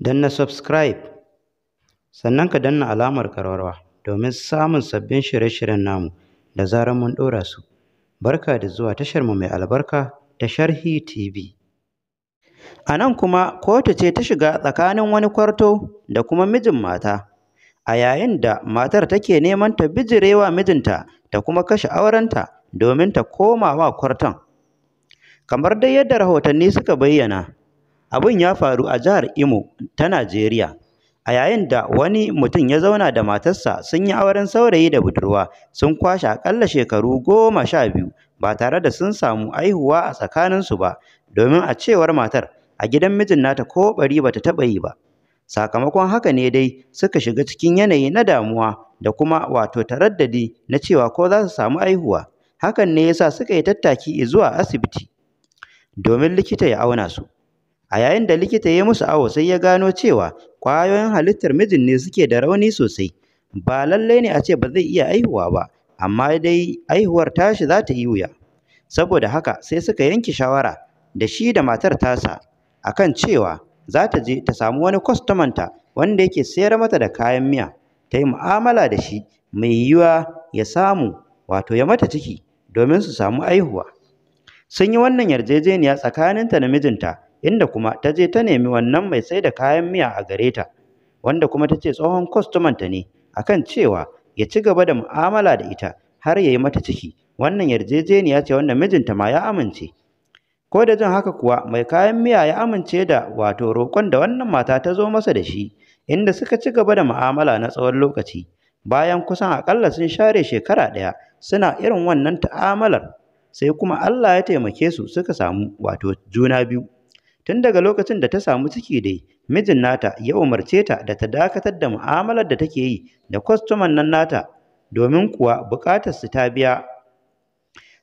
na subscribe sannan ka danna alamar karwarwa domin samun sabbin shirye-shiryen namu da zarar mun ɗora su barka da zuwa tashar mu mai albarka ta sharhi tv a nan kuma kotu ce ta shiga tsakanin wani kwarto da kuma mijin mata a yayin da matar take neman ta bijirewa mijinta da kuma kashe aurenta domin ta koma wa kwarton kamar dai yadda rahotanni suka bayyana Abin ya faru a jihar Imo ta Najeriya, a yayin da wani mutum ya zauna da matarsa sun yi auren saurayi da budurwa sun kwashe aƙalla shekaru goma sha biyu ba tare da sun samu haihuwa a tsakaninsu ba, domin a cewar matar, a gidan mijin nata ko bari ba ta taɓa yi ba. Sakamakon haka ne dai suka shiga cikin yanayi na damuwa da kuma wato taraddadi na cewa ko za su samu haihuwa. Hakan ne ya sa suka yi tattaki zuwa asibiti domin likita ya auna su. A yayin da likita ya musu awo sai ya gano cewa ƙwayoyin halittar mijin ne suke da rauni sosai. Ba lallai ne a ce ba zai iya aihuwa ba, amma dai aihuwar tashi za ta yi wuya. Saboda haka sai suka yanke shawara da shi da matar tasa a kan cewa za ta je ta samu wani kwastomanta wanda yake sayar mata da kayan miya, ta yi mu'amala da shi mai yiwuwa ya samu wato ya mata ciki domin su samu aihuwa. Sun yi wannan yarjejeniya tsakaninta da mijinta inda kuma ta je ta nemi wannan mai sai da kayan miya a gare ta wanda kuma ta ce tsohon ta ne a kan cewa ya ci gaba da mu'amala da ita har ya yi mata ciki wannan yarjejeniya ce wanda mijinta ma ya amince ko da jin haka kuwa mai kayan miya ya amince da wato roƙon da wannan mata ta zo masa da shi inda suka ci gaba da mu'amala na tsawon lokaci bayan kusan aƙalla sun share shekara ɗaya suna irin wannan ta'amalar sai kuma Allah ya taimake su suka samu wato juna biyu Tun daga lokacin da ta samu ciki dai, mijin nata ya umarce ta da ta dakatar da mu'amalar da take yi da kwastoman nan nata, domin kuwa buƙatar su ta biya.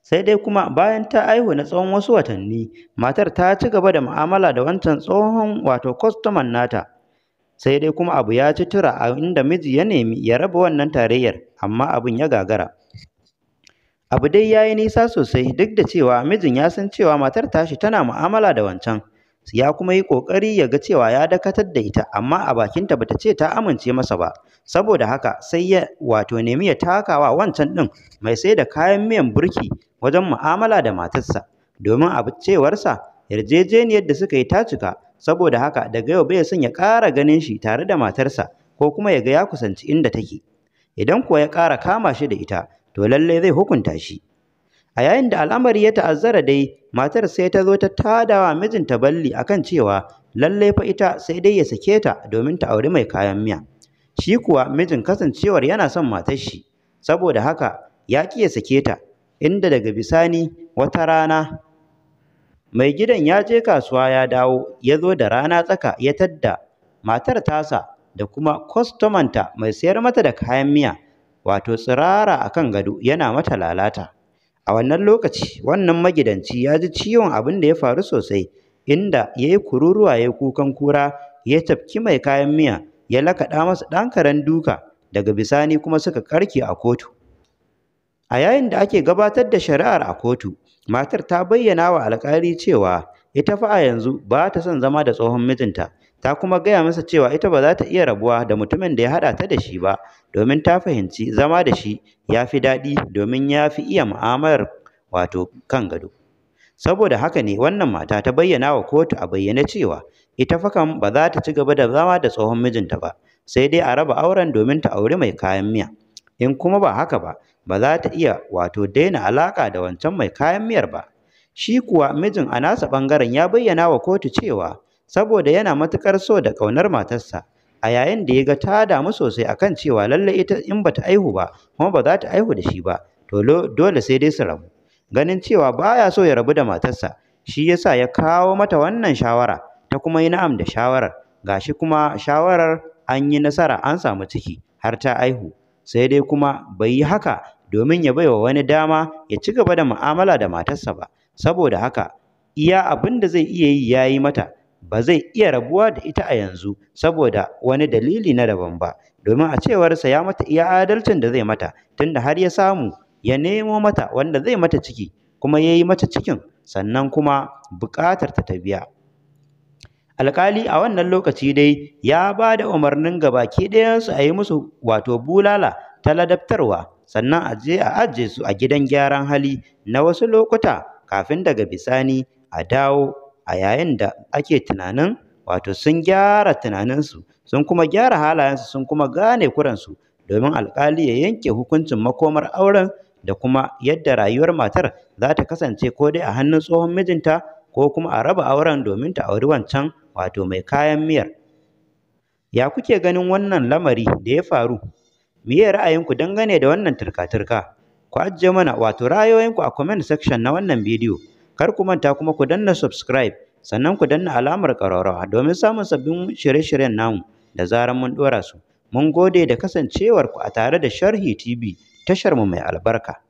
Sai dai kuma bayan ta aihu na tsawon wasu watanni, matar ta ci gaba da mu'amala da wancan tsohon wato kwastoman nata. Sai dai kuma abu ya ci tura a inda miji ya nemi ya raba wannan tarayyar, amma abin ya gagara. Abu dai ya yi nisa sosai duk da cewa mijin ya san cewa matar tashi tana mu'amala da wancan. ya kuma yi ƙoƙari ya ga cewa ya dakatar da ita amma a bakinta bata ce ta amince masa ba saboda haka sai ya wato nemi ya takawa wancan ɗin mai sai da kayan miyan burki wajen mu'amala da matarsa domin a cewarsa yarjejeniyar da suka yi ta cika saboda haka daga yau bai son ya ƙara ganin shi tare da matarsa ko kuma ya ga ya kusanci inda take idan kuwa ya ƙara kama shi da ita to lallai zai hukunta shi A yayin da al'amari ya ta'azzara dai, matar sai ta zo ta tada wa mijinta balli akan cewa lallai fa ita sai dai ya sake ta domin ta auri mai kayan miya. Shi kuwa mijin kasancewar yana son matar shi, saboda haka ya ƙi ya sake ta, inda daga bisani wata rana mai gidan ya je kasuwa ya dawo, ya zo da rana tsaka ya tadda matar tasa da kuma kwastomanta mai sayar mata da kayan miya, wato tsirara a kan gado yana mata lalata. A wannan lokaci, wannan magidanci ya ji ciwon abin da ya faru sosai, inda ya yi kururuwa ya yi kukan kura, ya tafki mai kayan miya, ya lakaɗa masa ɗan karen duka, daga bisani kuma suka ƙarke a kotu. A yayin da ake gabatar da shari'ar a kotu, matar ta bayyana wa alƙali cewa ita fa a yanzu ba ta son zama da tsohon mijinta, ta kuma gaya masa cewa ita ba za ta iya rabuwa da mutumin da ya haɗa ta da shi ba domin ta fahimci zama da shi ya fi daɗi domin ya fi iya mu'amalar wato kan gado saboda haka ne wannan mata ta bayyana wa kotu a bayyane cewa ita fa kam ba za ta ci gaba da zama da tsohon mijinta ba sai dai a raba auren domin ta auri mai kayan miya in kuma ba haka ba ba za ta iya wato daina alaƙa da wancan mai kayan miyar ba shi kuwa mijin a nasa ɓangaren ya bayyana wa kotu cewa saboda yana matuƙar so da ƙaunar matarsa a yayin da ya ga ta damu sosai akan cewa lallai ita in bata aihu ba kuma ba za ta aihu da shi ba to dole sai dai su rabu ganin cewa baya so ya rabu da matarsa shi yasa ya kawo mata wannan shawara ta kuma yi na'am da shawarar gashi kuma shawarar an yi nasara an samu ciki har ta aihu sai dai kuma bai yi haka domin ya baiwa wani dama ya ci gaba da mu'amala da matarsa ba saboda haka iya abin da zai iya yi ya yi mata ba zai iya rabuwa da ita a yanzu saboda wani dalili na daban ba domin a cewarsa ya mata iya adalcin da zai mata tunda har ya samu ya nemo mata wanda zai mata ciki kuma ya yi mata cikin sannan kuma buƙatar ta biya alƙali a wannan lokaci dai ya ba da umarnin ga baki ɗayansu a yi musu wato bulala ta ladabtarwa sannan a je a ajiye su a gidan gyaran hali na wasu lokuta kafin daga bisani a dawo a yayin da ake tunanin wato sun gyara tunaninsu sun kuma gyara halayensu sun kuma gane kuransu domin alƙali ya yanke hukuncin makomar auren da kuma yadda rayuwar matar za ta kasance ko dai a hannun tsohon mijinta ko kuma a raba auren domin ta auri wancan wato mai kayan miyar. Ya kuke ganin wannan lamari da ya faru? Miye ra'ayinku dangane da wannan turka-turka? Ku ajiye mana wato ra'ayoyinku a comment section na wannan bidiyo. Kar ku manta kuma ku danna subscribe sannan ku danna alamar ƙararrawa domin samun sabbin shirye-shiryen namu da zarar mun ɗora su. Mun gode da kasancewarku a tare da Sharhi TV tashar mu mai albarka.